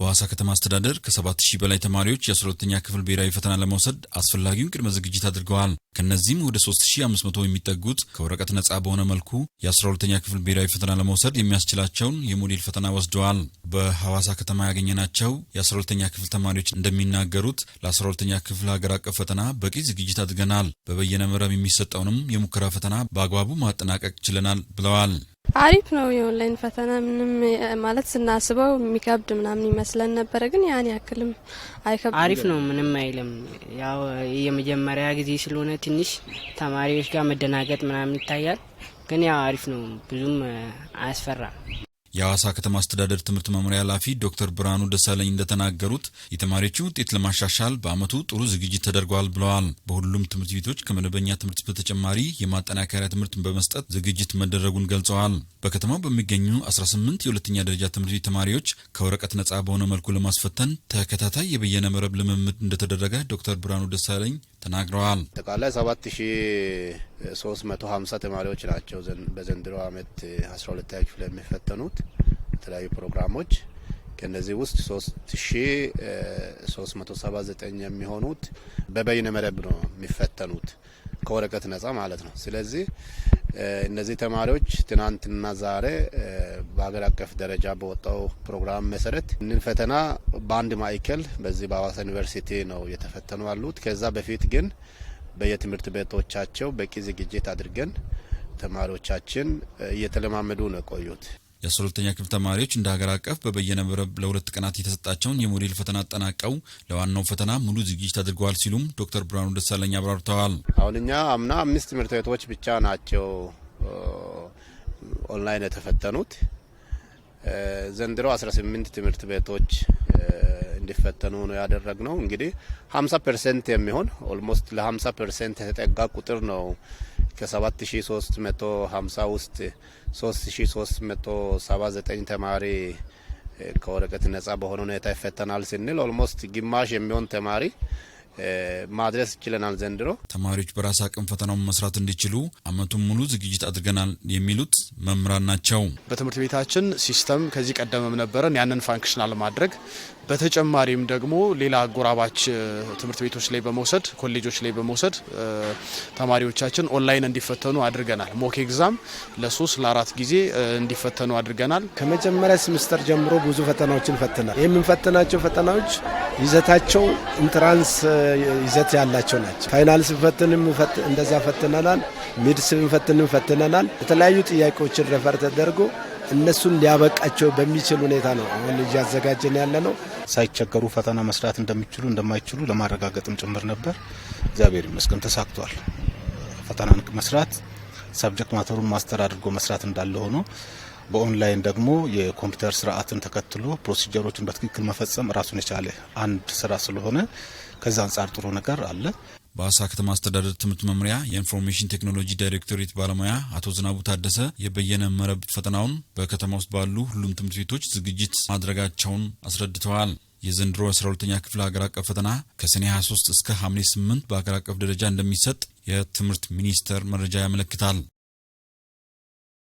በሐዋሳ ከተማ አስተዳደር ከሰባት 7000 በላይ ተማሪዎች የ12ተኛ ክፍል ብሔራዊ ፈተና ለመውሰድ አስፈላጊውን ቅድመ ዝግጅት አድርገዋል። ከእነዚህም ወደ 3500 የሚጠጉት ከወረቀት ነጻ በሆነ መልኩ የ12ተኛ ክፍል ብሔራዊ ፈተና ለመውሰድ የሚያስችላቸውን የሞዴል ፈተና ወስደዋል። በሐዋሳ ከተማ ያገኘናቸው የ12ተኛ ክፍል ተማሪዎች እንደሚናገሩት ለ12ተኛ ክፍል ሀገር አቀፍ ፈተና በቂ ዝግጅት አድርገናል፣ በበየነ መረብ የሚሰጠውንም የሙከራ ፈተና በአግባቡ ማጠናቀቅ ችለናል ብለዋል። አሪፍ ነው። የኦንላይን ፈተና ምንም ማለት ስናስበው የሚከብድ ምናምን ይመስለን ነበረ፣ ግን ያን ያክልም አይከብ አሪፍ ነው፣ ምንም አይልም። ያው የመጀመሪያ ጊዜ ስለሆነ ትንሽ ተማሪዎች ጋር መደናገጥ ምናምን ይታያል፣ ግን ያው አሪፍ ነው፣ ብዙም አያስፈራም። የሐዋሳ ከተማ አስተዳደር ትምህርት መምሪያ ኃላፊ ዶክተር ብርሃኑ ደሳለኝ እንደተናገሩት የተማሪዎችን ውጤት ለማሻሻል በዓመቱ ጥሩ ዝግጅት ተደርጓል ብለዋል። በሁሉም ትምህርት ቤቶች ከመደበኛ ትምህርት በተጨማሪ የማጠናከሪያ ትምህርት በመስጠት ዝግጅት መደረጉን ገልጸዋል። በከተማው በሚገኙ 18 የሁለተኛ ደረጃ ትምህርት ቤት ተማሪዎች ከወረቀት ነጻ በሆነ መልኩ ለማስፈተን ተከታታይ የበየነ መረብ ልምምድ እንደተደረገ ዶክተር ብርሃኑ ደሳለኝ ተናግረዋል። አጠቃላይ 7350 ተማሪዎች ናቸው በዘንድሮ ዓመት 12ኛ ክፍል የሚፈተኑት የተለያዩ ፕሮግራሞች ከነዚህ ውስጥ 3379 የሚሆኑት በበይነ መረብ ነው የሚፈተኑት ከወረቀት ነጻ ማለት ነው። ስለዚህ እነዚህ ተማሪዎች ትናንትና ዛሬ በሀገር አቀፍ ደረጃ በወጣው ፕሮግራም መሰረት እንን ፈተና በአንድ ማዕከል በዚህ በአዋሳ ዩኒቨርሲቲ ነው የተፈተኑ አሉት ከዛ በፊት ግን በየትምህርት ቤቶቻቸው በቂ ዝግጅት አድርገን ተማሪዎቻችን እየተለማመዱ ነው የቆዩት። የአስራ ሁለተኛ ክፍል ተማሪዎች እንደ ሀገር አቀፍ በበየነ መረብ ለሁለት ቀናት የተሰጣቸውን የሞዴል ፈተና አጠናቀው ለዋናው ፈተና ሙሉ ዝግጅት አድርገዋል ሲሉም ዶክተር ብርሃኑ ደሳለኝ አብራርተዋል። አሁን እኛ አምና አምስት ትምህርት ቤቶች ብቻ ናቸው ኦንላይን የተፈተኑት። ዘንድሮ 18 ትምህርት ቤቶች እንዲፈተኑ ነው ነው። እንግዲህ 50 ፐርሰንት የሚሆን ኦልሞስት ለ50 ፐርሰንት የተጠጋ ቁጥር ነው ከ7350 ውስጥ 3379 ተማሪ ከወረቀት ነጻ በሆነ ሁኔታ ይፈተናል ስንል ኦልሞስት ግማሽ የሚሆን ተማሪ ማድረስ ችለናል ዘንድሮ። ተማሪዎች በራስ አቅም ፈተናውን መስራት እንዲችሉ አመቱን ሙሉ ዝግጅት አድርገናል የሚሉት መምህራን ናቸው። በትምህርት ቤታችን ሲስተም ከዚህ ቀደምም ነበረን ያንን ፋንክሽናል ማድረግ በተጨማሪም ደግሞ ሌላ አጎራባች ትምህርት ቤቶች ላይ በመውሰድ ኮሌጆች ላይ በመውሰድ ተማሪዎቻችን ኦንላይን እንዲፈተኑ አድርገናል። ሞክ ኤግዛም ለሶስት ለአራት ጊዜ እንዲፈተኑ አድርገናል። ከመጀመሪያ ስምስተር ጀምሮ ብዙ ፈተናዎችን ፈትናል። የምንፈትናቸው ፈተናዎች ይዘታቸው ኢንትራንስ ይዘት ያላቸው ናቸው። ፋይናል ስንፈትንም እንደዛ ፈትነናል። ሚድ ስንፈትንም ፈትነናል። የተለያዩ ጥያቄዎችን ረፈር ተደርጎ እነሱን ሊያበቃቸው በሚችል ሁኔታ ነው አሁን እያዘጋጀን ያለ ነው። ሳይቸገሩ ፈተና መስራት እንደሚችሉ እንደማይችሉ ለማረጋገጥም ጭምር ነበር። እግዚአብሔር ይመስገን ተሳክቷል። ፈተናን መስራት ሰብጀክት ማተሩን ማስተር አድርጎ መስራት እንዳለ ሆኖ በኦንላይን ደግሞ የኮምፒውተር ስርዓትን ተከትሎ ፕሮሲጀሮችን በትክክል መፈጸም ራሱን የቻለ አንድ ስራ ስለሆነ ከዛ አንጻር ጥሩ ነገር አለ። በአሳ ከተማ አስተዳደር ትምህርት መምሪያ የኢንፎርሜሽን ቴክኖሎጂ ዳይሬክቶሬት ባለሙያ አቶ ዝናቡ ታደሰ የበየነ መረብ ፈተናውን በከተማ ውስጥ ባሉ ሁሉም ትምህርት ቤቶች ዝግጅት ማድረጋቸውን አስረድተዋል። የዘንድሮ 12ኛ ክፍል ሀገር አቀፍ ፈተና ከሰኔ 23 እስከ ሐምሌ 8 በሀገር አቀፍ ደረጃ እንደሚሰጥ የትምህርት ሚኒስቴር መረጃ ያመለክታል።